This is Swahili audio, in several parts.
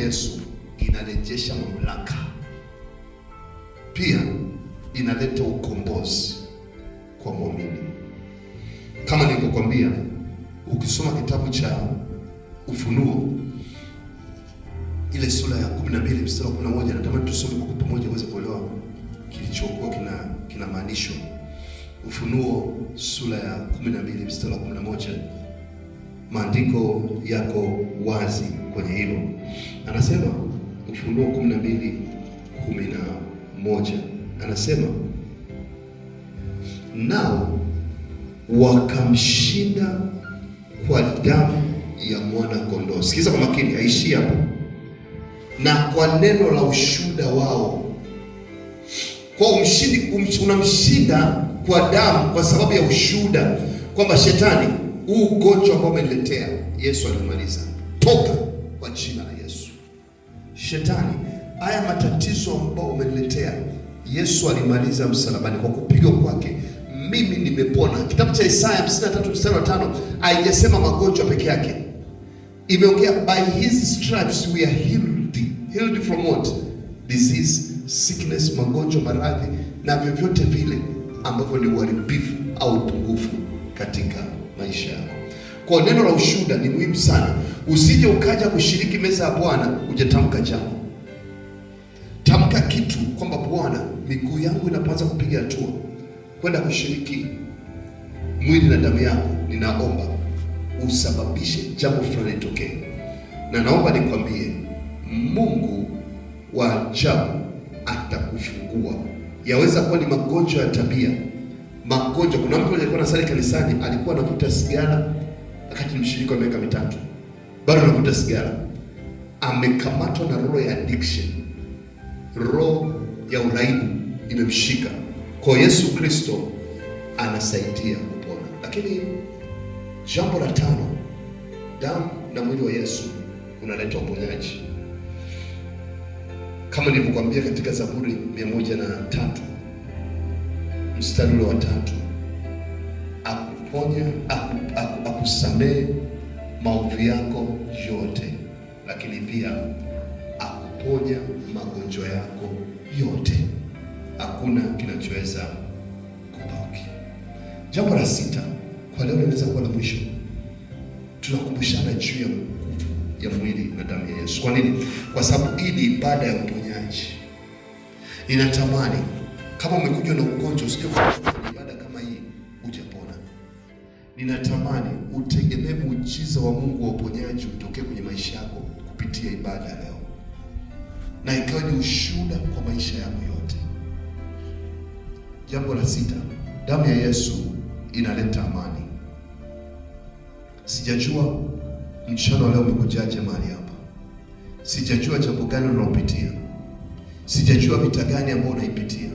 Yesu inarejesha mamlaka, pia inaleta ukombozi kwa muumini. Kama nilivyokwambia, ukisoma kitabu cha Ufunuo ile sura ya 12 mstari wa 11, natamani tusome kwa pamoja uweze kuelewa kilichokuwa kina kina Ufunuo sura ya 12 mstari wa 11 maandiko yako wazi kwenye hilo. Anasema Ufunuo 12 11, anasema nao wakamshinda kwa damu ya mwana kondoo. Sikiza kwa makini, aishi hapo, na kwa neno la ushuhuda wao. Kwa umshindi, um, unamshinda kwa damu, kwa sababu ya ushuhuda kwamba shetani huu ugonjwa ambao umeniletea, Yesu alimaliza, toka kwa jina la Yesu. Shetani, haya matatizo ambao umeniletea, Yesu alimaliza msalabani kwa kupigwa kwake mimi nimepona. Kitabu cha Isaya 53 mstari wa 5 haijasema magonjwa peke yake, imeongea by his stripes we are healed. Healed from what? Disease, sickness, magonjwa, maradhi na vyovyote vile ambavyo ni uharibifu au upungufu katika maisha yako. Kwa neno la ushuhuda ni muhimu sana, usije ukaja kushiriki meza ya Bwana ujatamka jambo. Tamka kitu kwamba Bwana, miguu yangu inapoanza kupiga hatua kwenda kushiriki mwili na damu yako, ninaomba usababishe jambo fulani litokee, na naomba nikwambie, Mungu wa ajabu atakufungua. Yaweza kuwa ni magonjwa ya tabia magonjwa. Kuna mtu alikuwa anasali kanisani, alikuwa anavuta sigara, wakati mshirika wa miaka mitatu bado anavuta sigara, amekamatwa na roho ya addiction, roho ya uraibu imemshika. Kwa Yesu Kristo anasaidia kupona. Lakini jambo la tano, damu na mwili wa Yesu unaleta uponyaji, kama nilivyokuambia katika Zaburi mia moja na tatu mstari ule wa tatu, akuponya akusamee aku, maovu yako yote, lakini pia akuponya magonjwa yako yote. Hakuna kinachoweza kubaki. Jambo la sita kwa leo linaweza kuwa la mwisho, tunakumbushana juu ya nguvu ya mwili na damu ya Yesu. Kwa nini? Kwa sababu hii ni ibada ya uponyaji, inatamani kama umekuja na ugonjwa, usije kufanya ibada kama hii hujapona. Ninatamani utegemee muujiza wa Mungu wa uponyaji utokee kwenye maisha yako kupitia ibada leo, na ikawa ni ushuhuda kwa maisha yako yote. Jambo la sita, damu ya Yesu inaleta amani. Sijajua mchana leo umekujaje mahali hapa, sijajua jambo gani unalopitia, sijajua vita gani ambayo unaipitia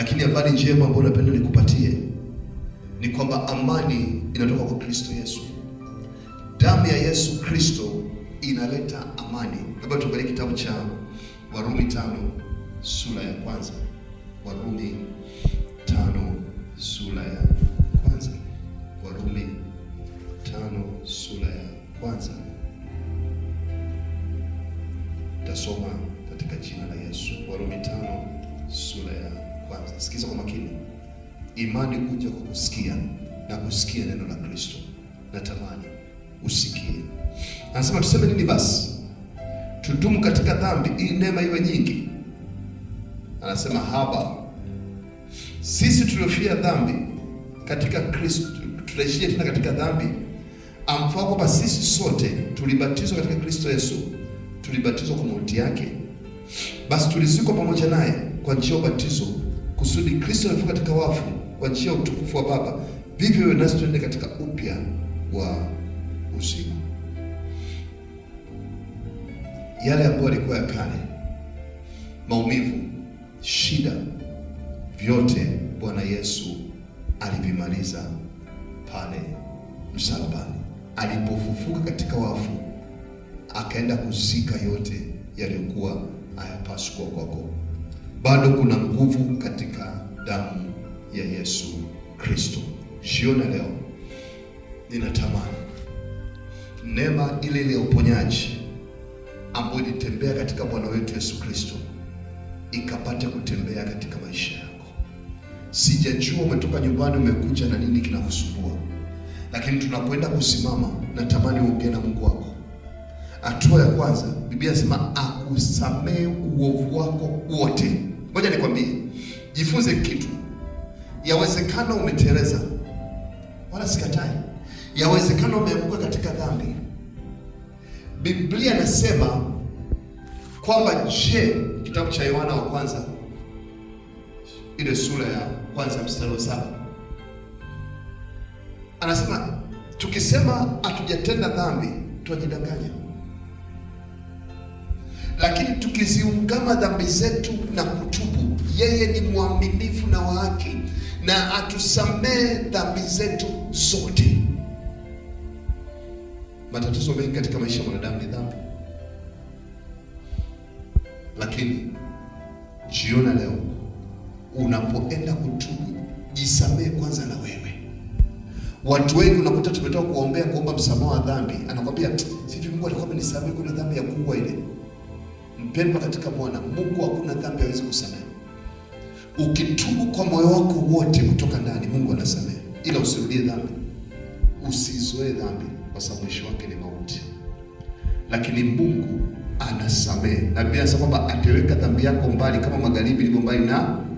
lakini habari njema ambayo napenda nikupatie ni kwamba amani inatoka kwa Kristo Yesu. Damu ya Yesu Kristo inaleta amani. Labda tuangalie kitabu cha Warumi tano sura ya kwanza. Warumi tano sura ya kwanza. Warumi tano sura ya kwanza. Tasoma katika jina la Yesu. Warumi tano sura ya kwanza. Sikiza kwa makini. Imani huja kwa kusikia na kusikia neno la Kristo. Natamani usikie. Anasema tuseme nini basi? Tudumu katika dhambi ili neema iwe nyingi? Anasema haba. Sisi tuliofia dhambi katika Kristo tutaishia tena katika dhambi? Amfaa kwamba sisi sote tulibatizwa katika Kristo Yesu, tulibatizwa kwa mauti yake, basi tulizikwa pamoja naye kwa njia ya ubatizo kusudi Kristo afike katika wafu kwa njia ya utukufu wa Baba, vivyo hivyo nasi tuende katika upya wa uzima. Yale ambayo yalikuwa ya kale, maumivu, shida, vyote Bwana Yesu alivimaliza pale msalabani, alipofufuka katika wafu, akaenda kuzika yote yaliyokuwa hayapaswi kuwa kwako bado kuna nguvu katika damu ya Yesu Kristo. Jiona leo ninatamani neema ile ile ya uponyaji ambayo ilitembea katika Bwana wetu Yesu Kristo ikapate kutembea katika maisha yako. Sijajua umetoka nyumbani umekuja na nini kinakusumbua, lakini tunapoenda kusimama, natamani uongee na Mungu wako. Hatua ya kwanza, Biblia inasema akusamee uovu wako wote Ngoja nikwambie, jifunze kitu. Yawezekana umetereza wala sikatai. Yawezekana umeanguka katika dhambi. Biblia nasema kwamba, je, kitabu cha Yohana wa kwanza ile sura ya kwanza mstari wa saba anasema tukisema hatujatenda dhambi twajidanganya lakini tukiziungama dhambi zetu na kutubu, yeye ni mwaminifu na wa haki na atusamee dhambi zetu zote. Matatizo mengi katika maisha ya mwanadamu ni dhambi, lakini jiona leo unapoenda kutubu, jisamee kwanza na wewe. Watu wengi unakuta tumetoka kuombea kuomba msamaha wa dhambi, anakwambia sivi, Mungu alikuwa amenisamehe, kuna dhambi ya kubwa ile Mpendwa katika Bwana Mungu, hakuna dhambi hawezi kusamehe. Ukitubu kwa moyo wako wote kutoka ndani, Mungu anasamehe, ila usirudie dhambi, usizoe dhambi, kwa sababu mwisho wake ni mauti. Lakini Mungu anasamehe, na Biblia inasema kwamba ataweka dhambi yako mbali kama magharibi ilivyo mbali na